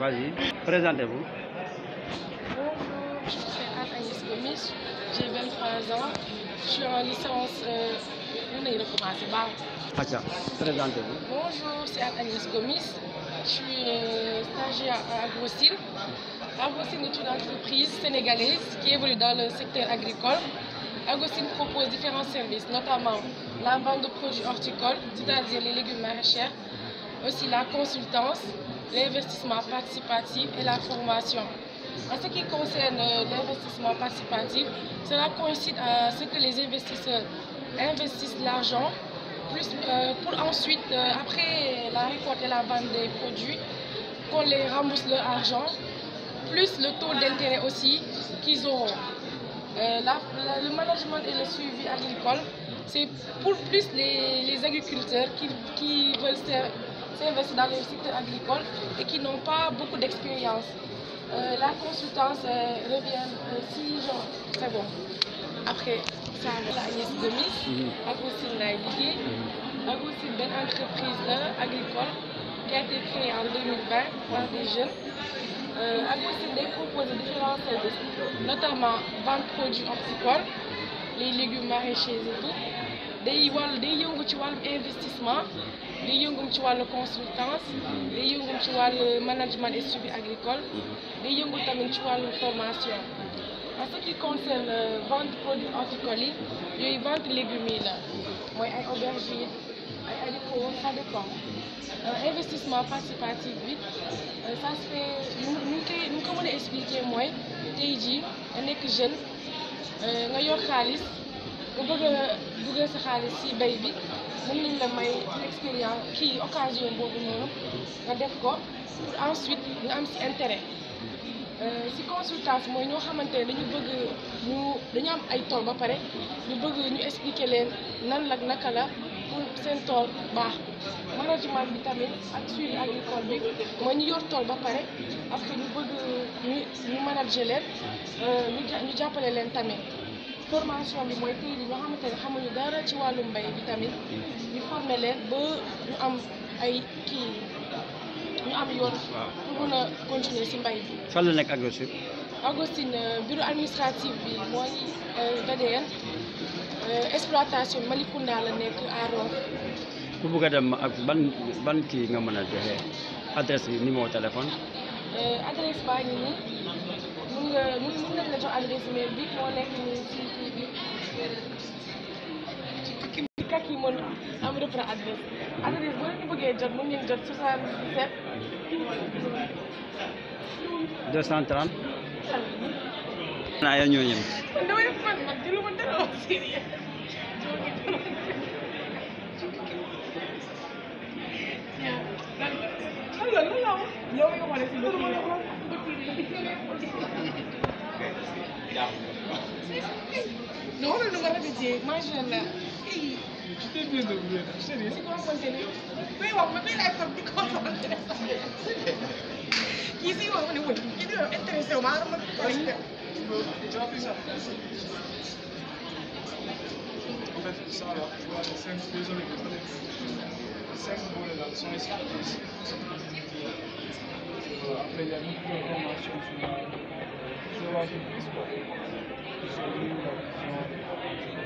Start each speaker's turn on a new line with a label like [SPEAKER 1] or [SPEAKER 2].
[SPEAKER 1] Vas-y, présentez-vous. Bonjour, c'est Agnès Gomis, j'ai 23 ans, je suis en licence. Euh, bah. présentez-vous. Bonjour, c'est Agnès Gomis, je suis euh, stagiaire à AgroSyn. AgroSyn est une entreprise sénégalaise qui évolue dans le secteur agricole. AgroSyn propose différents services, notamment la vente de produits horticoles, c'est-à-dire les légumes maraîchers, aussi la consultance, l'investissement participatif et la formation. En ce qui concerne euh, l'investissement participatif, cela coïncide à ce que les investisseurs investissent l'argent euh, pour ensuite, euh, après la récolte et la vente des produits, qu'on les rembourse leur argent, plus le taux d'intérêt aussi qu'ils auront. le management et le suivi agricole, c'est pour plus les, agriculteurs qui, qui veulent faire investissent dans le secteur agricole et qui n'ont pas beaucoup d'expérience. Euh, la consultance euh, revient euh, si jours. c'est bon. Après, ça a été Gomis, ak aussi laay entreprise agricole qui a été créée en 2020 par des jeunes. Euh, ak aussi différents services, notamment vente produits horticoles, les légumes maraîchers et tout. Des wàllu des des ci li yëngum ci wàllu consultance li yëngum ci wàllu management et suivi agricole mhm. li yëngu tamit ci wàllu formation en ce qui concerne euh, vente produits horticoles yi yooyu vente légumes yi la mooy ay aubergine ay haricots ça dépend euh, investissement participatif bi euh, ça se fait Nous, ñu koy nu ko mën a expliquer mooy tey jii nga nekk jeune nga yor xaalis nga bëgg a dugal sa xaalis ci bay bi mën nañ la may expérience kii occasion boobu noonu nga def ko pour ensuite ñu am si intérêt si euh, consultance mooy ñoo xamante ne dañu bëgg ñu dañu am ay tool ba pare ñu bëgg ñu expliquer leen nan la naka la pour seen tool baax management bi tamit ak suivi agricole bi mooy ñu yor tool ba pare parce que ñu bëgg ñu ñu manager leen euh, ñu jàppale leen tamit formation bi mooy tey di nga xamuñu dara ci wàllu mbay bi tamit ñu ba ñu am ay kii ñu am yoon pour mën a continuer si mbay bi fan la nekk Agostine Agostine euh, bureau administratif bi mooy VDN euh, euh, exploitation Malicounda la nekk Arof ku bëgg a dem ak ban kii nga mën a joxe adresse bi numéro téléphone adresse baa ngi nii mun nga mun mun nañ la jox adresse mail bi moo nekk nii si bi ci kaki mën am reprend adresse adresse boo leen bëggee jot mun ngeen jot 77 230 naa ñoo ñëm damay def fan man jëlu ma dara wax sérieux Yeah. não no, no, de imagina. Ehi. Ci stai vedendo bene? Serio? Sì, come eu não ho come l'hai fatto cosa interessa? Chi si vuole ne vuoi? Chi deve interessa un arma? Già pensato. Come pensavo, guarda, sempre bisogno di sempre vuole dal suo ispirazione. mediante información de la a su su